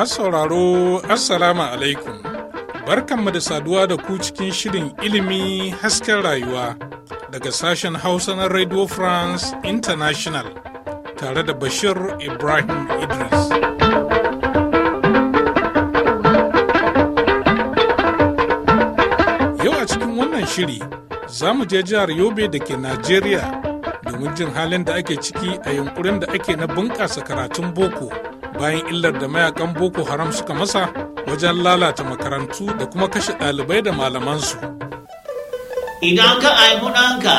Masu sauraro Assalamu alaikum. Barkanmu da saduwa da ku cikin shirin ilimi hasken rayuwa daga sashen Hausa na Radio France International tare da Bashir Ibrahim Idris. Yau a cikin wannan shiri za mu je jihar Yobe da ke Najeriya domin jin halin da ake ciki a yunkurin da ake na bunƙasa karatun boko. bayan illar da mayakan boko haram suka masa wajen lalata makarantu da kuma kashe ɗalibai da malamansu idan ka aibunanka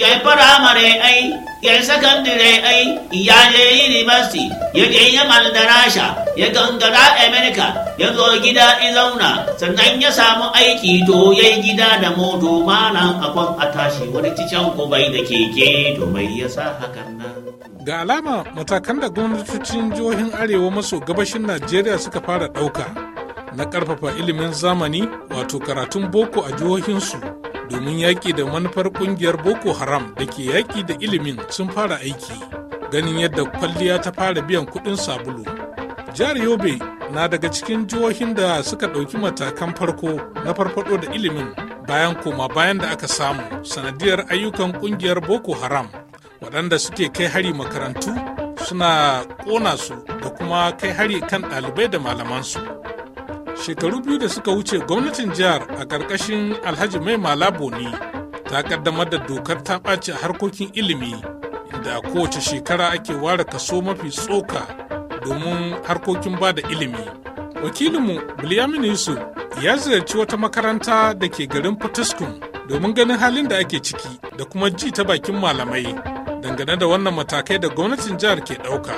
ya yi firamare ai ya yi sakandire ai ya je university ya je ya maldarasha ya gangara Amerika, ya zo gida ya zauna sannan ya samu aiki to ya yi gida da moto malam akwai a tashi wani cikin kubai da keke to mai yasa hakan nan ga alama matakan da gwamnatocin jihohin arewa maso gabashin najeriya suka fara ɗauka na ƙarfafa ilimin zamani wato karatun boko a jihohinsu domin yaƙi da manufar ƙungiyar boko haram da ke yaƙi da ilimin sun fara aiki ganin yadda kwalliya ta fara biyan kuɗin sabulu jihar yobe na daga cikin jihohin da suka ɗauki matakan farko na farfaɗo da ilimin bayan koma bayan da aka samu sanadiyar ayyukan ƙungiyar boko haram waɗanda suke kai hari makarantu suna ƙona su da kuma kai hari kan ɗalibai da malamansu shekaru biyu da suka wuce gwamnatin jihar a ƙarƙashin alhaji mai malabo ne ta ƙaddamar da dokar ta ɓace a harkokin ilimi da kowace shekara ake ware kaso mafi tsoka domin harkokin ba da ilimi wakilinmu bilyamin yusuf ya ziyarci wata makaranta da ke garin fataskun domin ganin halin da ake ciki da kuma ji ta bakin malamai dangane da wannan matakai da gwamnatin jihar ke ɗauka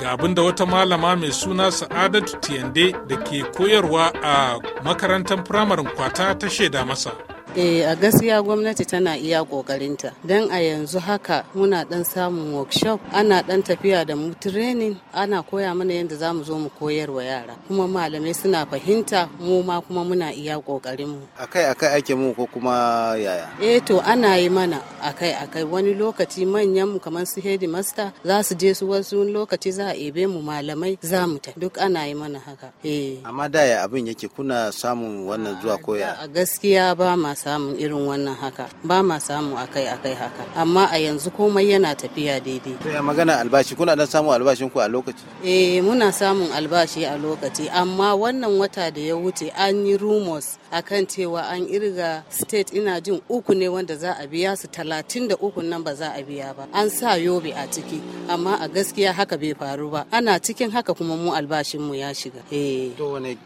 ga abin da wata malama mai suna sa'adatu tiyande da ke koyarwa a makarantar firamaren kwata ta shaida masa Eh a gaskiya gwamnati tana iya kokarinta. don a yanzu haka muna dan samun workshop, ana dan tafiya da mu training, ana koya mana yadda za mu zo mu koyar wa yara. Kuma malamai suna fahimta, mu ma kuma muna iya kokarin mu. Akai akai ake mu ko kuma yaya? Eh to ana yi mana akai akai wani lokaci manyan mu kamar su headmaster za su je su wasu lokaci za a ebe mu malamai za mu ta. Duk ana yi mana haka. Eh. Amma da ya abin yake kuna samun wannan zuwa koya? A gaskiya ba masu samun irin wannan haka ba ma samu akai akai haka amma a yanzu komai yana tafiya daidai to ya magana albashi kuna dan samun albashin ku a lokaci eh muna samun albashi a lokaci amma wannan wata da ya wuce an yi rumors akan cewa an irga state ina jin uku ne wanda za a biya su talatin da uku nan ba za a biya ba an sa yobe a ciki amma a gaskiya haka bai faru ba ana cikin haka kuma mu albashin mu ya shiga eh to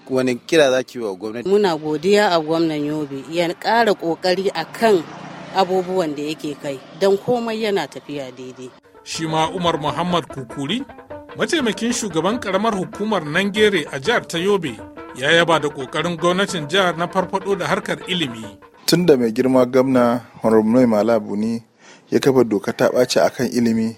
wani kira zaki wa gwamnati muna godiya a gwamnan yobe ya ƙara ƙara ƙoƙari a kan abubuwan da yake kai don komai yana tafiya daidai. Shi ma Umar Muhammad Kukuri, mataimakin shugaban ƙaramar hukumar Nangere a jihar ta Yobe, ya yaba da ƙoƙarin gwamnatin jihar na farfado da harkar ilimi. Tun da mai girma gamna Honorable Malabu ne ya kafa doka ta ɓace akan ilimi,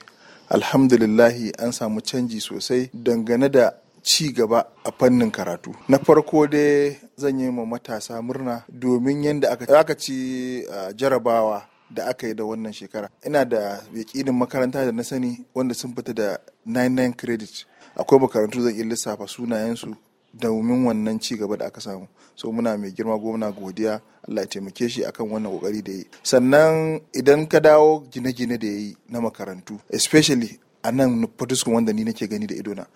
alhamdulillahi an samu canji sosai dangane da ci gaba a fannin karatu na farko dai zan yi ma matasa murna domin yadda aka ci jarabawa da aka yi da wannan shekara ina da yakinin makaranta da na sani wanda sun fita da 99 credit akwai makarantu zan iya lissafa sunayensu domin wannan ci gaba da aka samu so muna mai girma gwamna godiya Allah ya taimake shi akan wannan kokari da yi sannan idan ka dawo gine-gine da ya yi na makarantu especially a nan Port School wanda ni nake gani da idona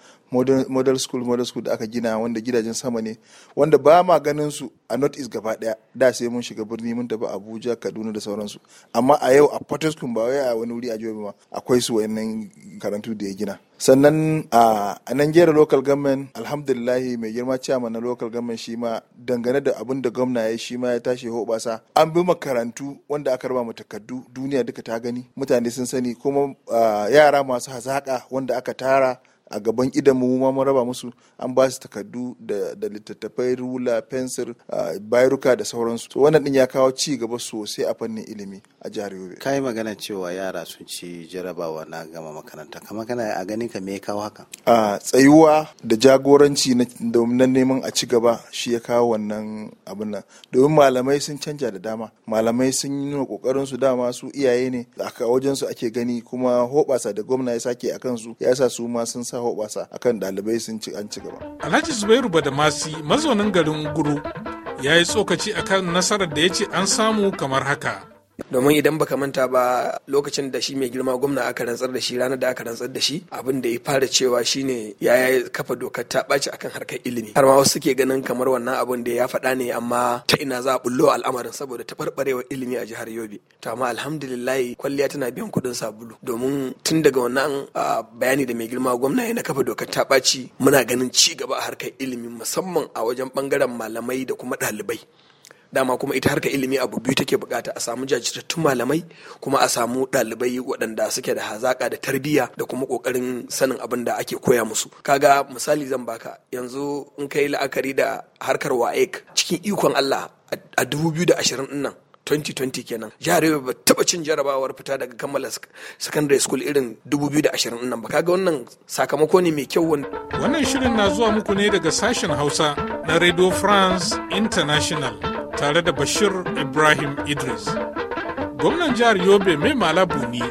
model school model school da aka gina wanda gidajen sama ne wanda ba ma ganin su a North East gaba daya da sai mun shiga birni mun tafi Abuja Kaduna da sauransu amma a yau a Port School ba wai a wani wuri a Jobe ma akwai su wayannan karantu da ya gina sannan a Nigeria local government alhamdulillahi mai girma chairman na local government shi ma dangane da abin da gwamna ya shi ma ya tashi hobasa an bi makarantu wanda aka raba takardu duniya duka ta gani mutane sun sani kuma yara masu hazaka wanda aka tara a gaban idan mu ma raba musu an ba su takardu da, da littattafai rula fensir bayruka da sauransu to wannan din ya kawo ci gaba sosai a fannin ilimi a jihar yobe kai magana cewa yara sun ci jarabawa na gama makaranta kama kana a ganin ka me ya kawo haka a tsayuwa da jagoranci na neman a ci gaba shi ya kawo wannan abin nan domin malamai sun canja da dama malamai sun yi nuna kokarin su dama su iyaye ne a wajen su ake gani kuma hoɓasa da gwamna ya sake akan su ya sa su ma sun sa hoɓasa akan ɗalibai sun ci an ci gaba. Alhaji Zubairu Badamasi mazaunin garin guru ya yi tsokaci akan nasarar da ya ce an samu kamar haka. domin idan baka manta ba lokacin da shi mai girma gwamna aka rantsar da shi ranar da aka rantsar da shi abin da ya fara cewa shine ya kafa dokar ta ɓaci akan harkar ilimi har ma wasu suke ganin kamar wannan abin da ya faɗa ne amma ta ina za a bullo al'amarin saboda taɓarɓarewar ilimi a jihar yobe to amma alhamdulillah kwalliya tana biyan kuɗin sabulu domin tun daga wannan bayani da mai girma gwamna ya na kafa dokar ta ɓaci muna ganin ci gaba a harkar ilimi musamman a wajen ɓangaren malamai da kuma ɗalibai dama kuma ita harka ilimi abu biyu take bukata a samu jajirtattun malamai kuma a samu dalibai waɗanda suke da hazaka da tarbiyya da kuma ƙoƙarin sanin abin da ake koya musu kaga misali zan baka yanzu in kai la'akari da harkar wa'ek cikin ikon Allah a 2020 nan 2020 kenan jihar yobe ba taba cin jarabawar fita daga kammala secondary school irin 2020 nan ba kaga wannan sakamako ne mai kyau wannan shirin na zuwa muku ne daga sashen hausa na radio france international tare da Bashir Ibrahim Idris. Gwamnan jihar Yobe mai malabuni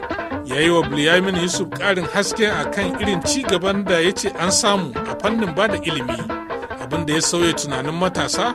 ya yi wa Biliyamin Yusuf ƙarin haske a kan irin ci gaban da ya ce an samu a fannin ba da ilimi abin da ya sauya tunanin matasa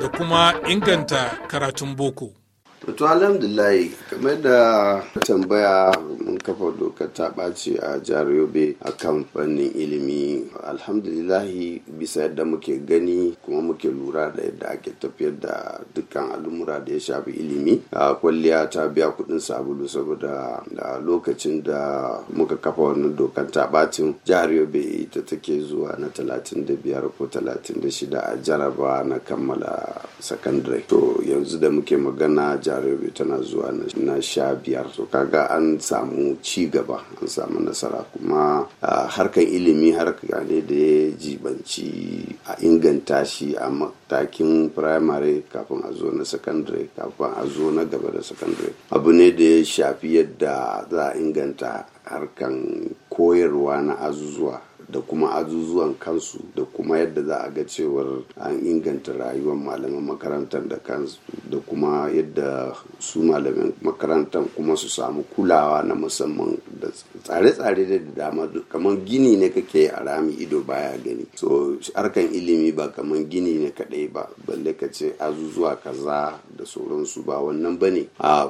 da kuma inganta karatun boko. to alhamdulahi game da tambaya mun kafa dokar ta ɓaci a jihar yobe a kamfanin ilimi alhamdulillahi bisa yadda muke gani kuma muke lura da yadda ake tafiyar da dukkan al'umura da ya shafi ilimi a kwalliya ta biya kuɗin sabulu saboda da lokacin da muka kafa wannan dokar ta ɓacin jihar yobe ita take zuwa na talatin da biyar ko talatin da shida a jaraba na kammala sakandare to yanzu da muke magana Arabia tana zuwa na sha biyar to kaga an samu ci gaba an samu nasara kuma harkan ilimi harka ne da ya jibanci a inganta shi a matakin firamare kafin a zo na sakandare kafin a zo na gaba da sakandare abu ne da ya shafi yadda za a inganta harkan koyarwa na azuzuwa da kuma azuzuwan kansu da kuma yadda za a ga cewar an inganta rayuwar malaman makarantar da kansu da kuma yadda su malaman makarantar kuma su samu kulawa na musamman da tsare-tsare da dama kamar gini ne kake a rami ido baya gani so harkan ilimi ba kamar gini ne kadai ba balle ka ce azuzuwa kaza da sauransu ba wannan bane a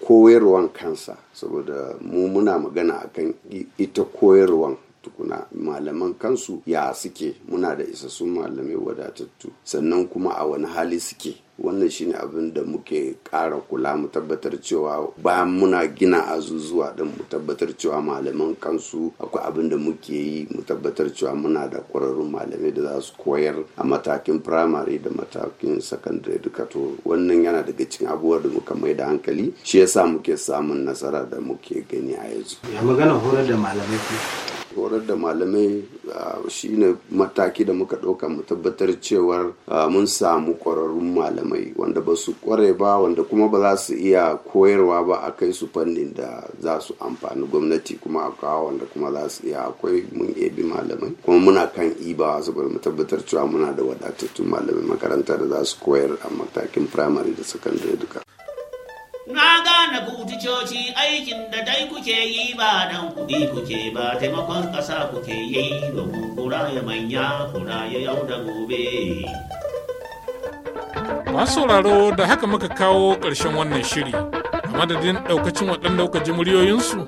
koyarwan kansa saboda mu muna magana akan ita koyarwan tukuna malaman kansu ya suke muna da isassun malamai wadatattu sannan kuma a wani hali suke wannan shine abin da muke ƙara kula mu tabbatar cewa bayan muna gina azuzuwa din mu tabbatar cewa malaman kansu akwai abin da muke yi mu tabbatar cewa muna da ƙwararrun malamai da za su koyar a matakin firamare da matakin sakandare duka to wannan yana daga cikin abubuwa da muka mai da hankali shi yasa muke samun nasara da muke gani a yanzu ya magana horar da malamai horar da malamai shine mataki da muka ɗauka mu tabbatar cewar mun samu ƙwararrun malamai wanda ba su ƙware ba wanda kuma ba za su iya koyarwa ba a kai su fannin da za su amfani gwamnati kuma a kawo wanda kuma za su iya akwai mun ebi malamai kuma muna kan iba saboda mu tabbatar cewa muna da wadatattun malamai makaranta da za su koyar a matakin firamare da sakandare duka na gane ku coci aikin da dai kuke yi ba dan kuɗi kuke ba taimakon ƙasa kuke yi domin kura ya manya kura ya yau da gobe. Masu sauraro da haka muka kawo ƙarshen wannan shiri a madadin ɗaukacin waɗanda kuka ji muryoyinsu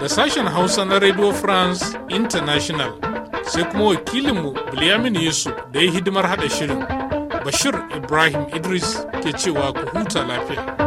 da sashen Hausa na Radio France International sai kuma wakilinmu Bilyamin Yusuf da ya hidimar haɗa shirin. Bashir Ibrahim Idris ke cewa ku huta lafiya.